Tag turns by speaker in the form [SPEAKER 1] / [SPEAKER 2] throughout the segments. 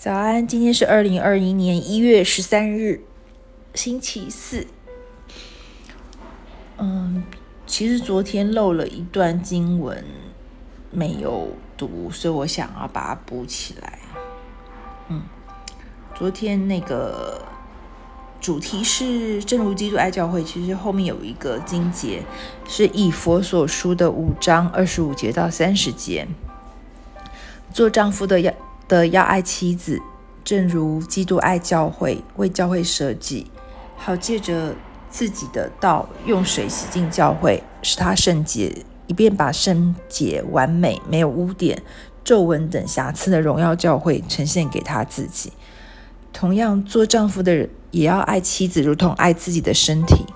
[SPEAKER 1] 早安，今天是二零二一年一月十三日，星期四。嗯，其實昨天漏了一段經文沒有讀，所以我想要把它補起來。嗯，昨天那個主題是“正如基督愛教會”，其實後面有一個經節是以弗所書的五章二十五節到三十節，做丈夫的要的要愛妻子，正如基督愛教會，為教會捨己，好借着自己的道用水洗淨教會，使他聖潔，以便把聖潔、完美、沒有污點、皺紋等瑕疵的榮耀教會呈現給他自己。同樣，做丈夫的人也要愛妻子，如同愛自己的身體。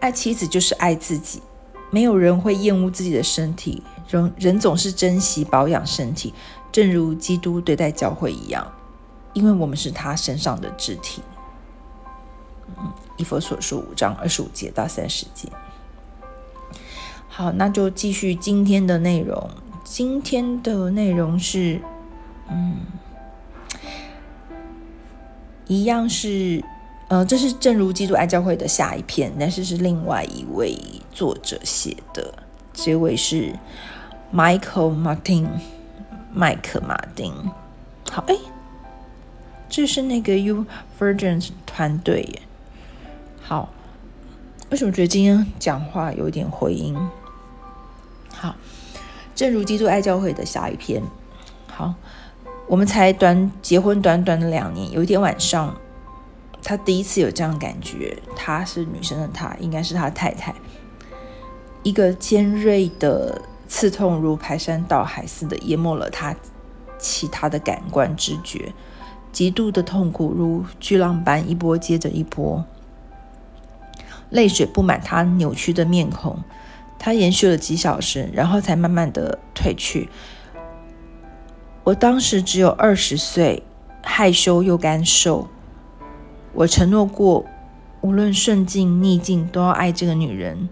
[SPEAKER 1] 愛妻子就是愛自己，沒有人會厭惡自己的身體。人人總是珍惜保養身體，正如基督對待教會一樣，因為我們是他身上的肢體。嗯，《以弗所書五章二十五節到三十節》，好，那就繼續今天的內容。今天的內容是，嗯，一樣是，呃，這是正如基督愛教會的下一篇，但是是另外一位作者寫的，結尾是。Michael Martin，麥克馬丁。好，哎、欸，這是那個 YouVersion 團隊耶。好，為什麼覺得今天講話有點回音？好，正如基督愛教會的下一篇。好，我們才短結婚短短的兩年，有一天晚上，她第一次有這樣的感覺。她是女生的她，她應該是他太太。一個尖銳的。刺痛如排山倒海似的淹沒了她，其他的感官知覺，極度的痛苦如巨浪般一波接着一波，淚水布滿她扭曲的面孔，它延續了幾小時，然後才慢慢的退去。我當時只有二十歲，害羞又乾瘦，我承諾過，無論順境逆境都要愛這個女人。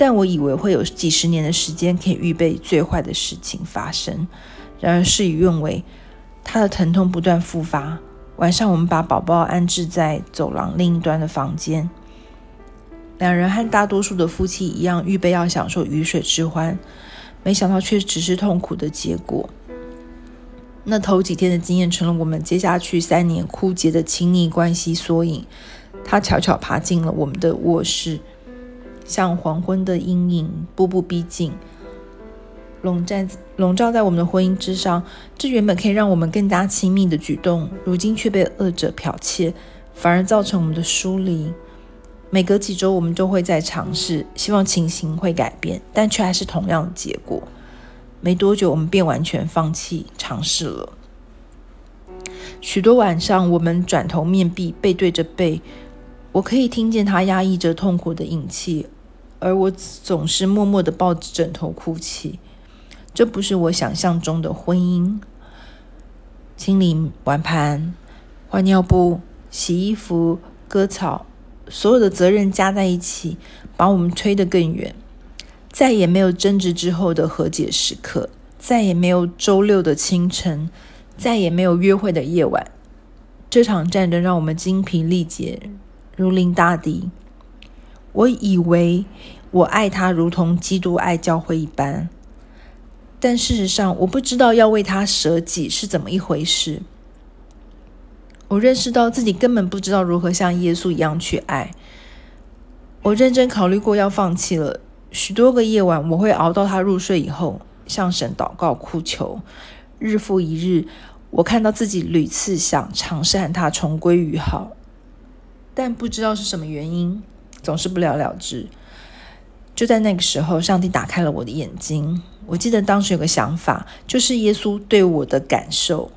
[SPEAKER 1] 但我以為會有幾十年的時間可以預備最壞的事情發生，然而事與願違，她的疼痛不斷復發。晚上，我們把寶寶安置在走廊另一端的房間，兩人和大多數的夫妻一樣，預備要享受魚水之歡，沒想到卻只是痛苦的結果。那頭幾天的經驗成了我們接下去三年枯竭的親密關係縮影。它悄悄爬進了我們的臥室，像黃昏的陰影步步逼近，籠罩籠罩在我們的婚姻之上。這原本可以讓我們更加親密的舉動，如今卻被惡者剽竊，反而造成我們的疏離。每隔幾週，我們都會再嘗試，希望情形會改變，但卻還是同樣的結果。沒多久，我們便完全放棄嘗試了。許多晚上，我們轉頭面壁，背對着背，我可以聽見她壓抑着痛苦的飲泣。而我總是默默的抱着枕頭哭泣，這不是我想象中的婚姻。清理碗盤、換尿布、洗衣服、割草，所有的責任加在一起，把我們推得更遠。再也沒有爭執之後的和解時刻，再也沒有周六的清晨，再也沒有約會的夜晚。這場戰爭讓我們精疲力竭，如臨大敵。我以為我愛他如同基督愛教會一般，但事實上，我不知道要為他舍己是怎麼一回事。我認識到自己根本不知道如何像耶穌一樣去愛。我認真考慮過要放棄了。許多個夜晚，我會熬到他入睡以後，向神禱告哭求。日復一日，我看到自己屢次想嘗試和他重歸於好，但不知道是什麼原因。總是不了了之。就在那個時候，上帝打開了我的眼睛。我記得當時有個想法，就是耶穌對我的感受。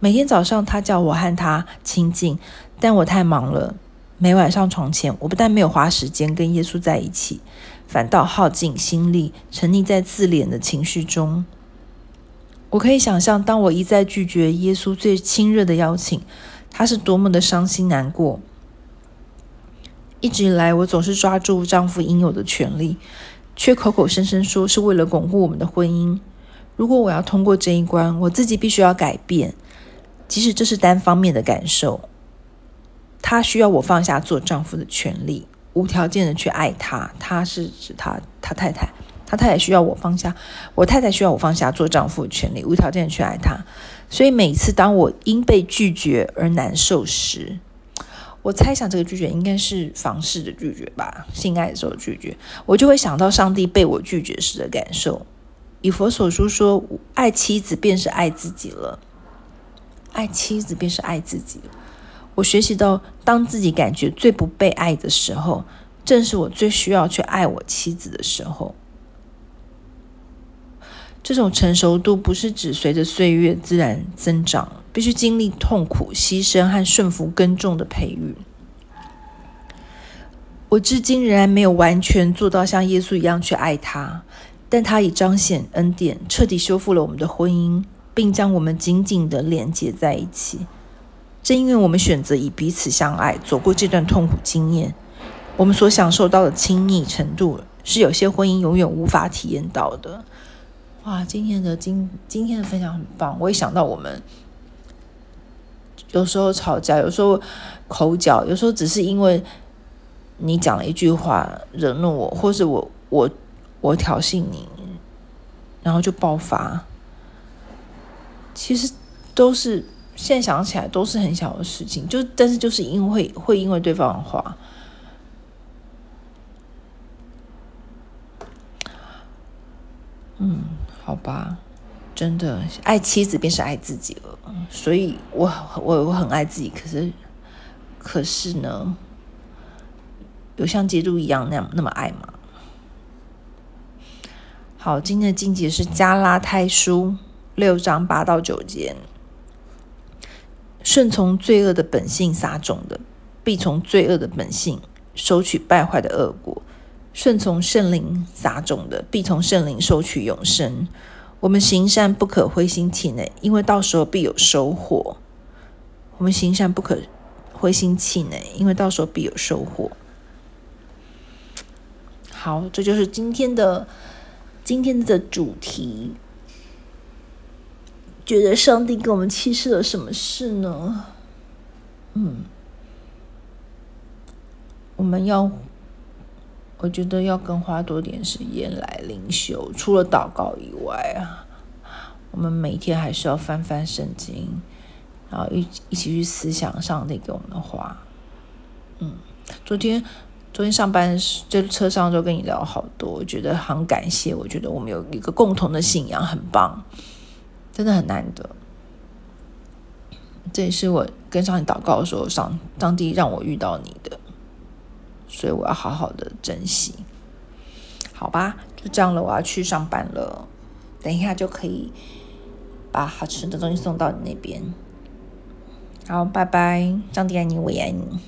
[SPEAKER 1] 每天早上，他叫我和他親近，但我太忙了。每晚上床前，我不但沒有花時間跟耶穌在一起，反倒耗盡心力，沉溺在自憐的情緒中。我可以想象，當我一再拒絕耶穌最親熱的邀請，他是多麼的傷心難過。一直以來，我總是抓住丈夫應有的權利，卻口口聲聲說是為了鞏固我們的婚姻。如果我要通過這一關，我自己必須要改變。即使這是單方面的感受，她需要我放下做丈夫的權利，無條件的去愛她。她是指她，她太太，她太太需要我放下，我太太需要我放下做丈夫的權利，無條件地去愛她。所以，每次當我因被拒絕而難受時，我猜想，這個拒絕應該是房事的拒絕吧？性愛的時候拒絕，我就會想到上帝被我拒絕時的感受。以弗所書說，愛妻子便是愛自己了。愛妻子便是愛自己。我學習到，當自己感覺最不被愛的時候，正是我最需要去愛我妻子的時候。這種成熟度不是只隨着歲月自然增長。必須經歷痛苦、犧牲和順服耕種的培育。我至今仍然沒有完全做到像耶穌一樣去愛她，但他已彰顯恩典，徹底修復了我們的婚姻，並將我們緊緊地連結在一起。正因為我們選擇以彼此相愛走過這段痛苦經驗，我們所享受到的親密程度，是有些婚姻永遠無法體驗到的。哇，今天的今今天的分享很棒，我也想到我們。有時候吵架，有時候口角，有時候只是因為你講了一句話惹怒我，或是我我我挑釁你，然後就爆發。其實都是現在想起來都是很小的事情，就但是就是因為會因為對方的話。嗯，好吧。真的愛妻子便是愛自己了，所以我我我很愛自己。可是可是呢，有像基督一樣那樣那麼愛嗎？好，今天的經節是加拉太書六章八到九節：順從罪惡的本性撒種的，必從罪惡的本性收取敗壞的惡果；順從聖靈撒種的，必從聖靈收取永生。我們行善不可灰心氣餒，因為到時候必有收穫。我們行善不可灰心氣餒，因為到時候必有收穫。好，這就是今天的今天的主題。覺得上帝給我們啟示了什麼事呢？嗯，我們要。我覺得要更花多點時間來靈修，除了禱告以外啊，我們每天還是要翻翻聖經，然後一一起去思想上帝給我們的話。嗯，昨天昨天上班在車上就跟你聊好多，我覺得很感謝。我覺得我們有一個共同的信仰，很棒，真的很難得。這也是我跟上帝禱告的時候，上上帝讓我遇到你的。所以我要好好的珍惜，好吧？就這樣了，我要去上班了，等一下就可以把好吃的東西送到你那邊。好，拜拜，上帝愛你，我也愛你。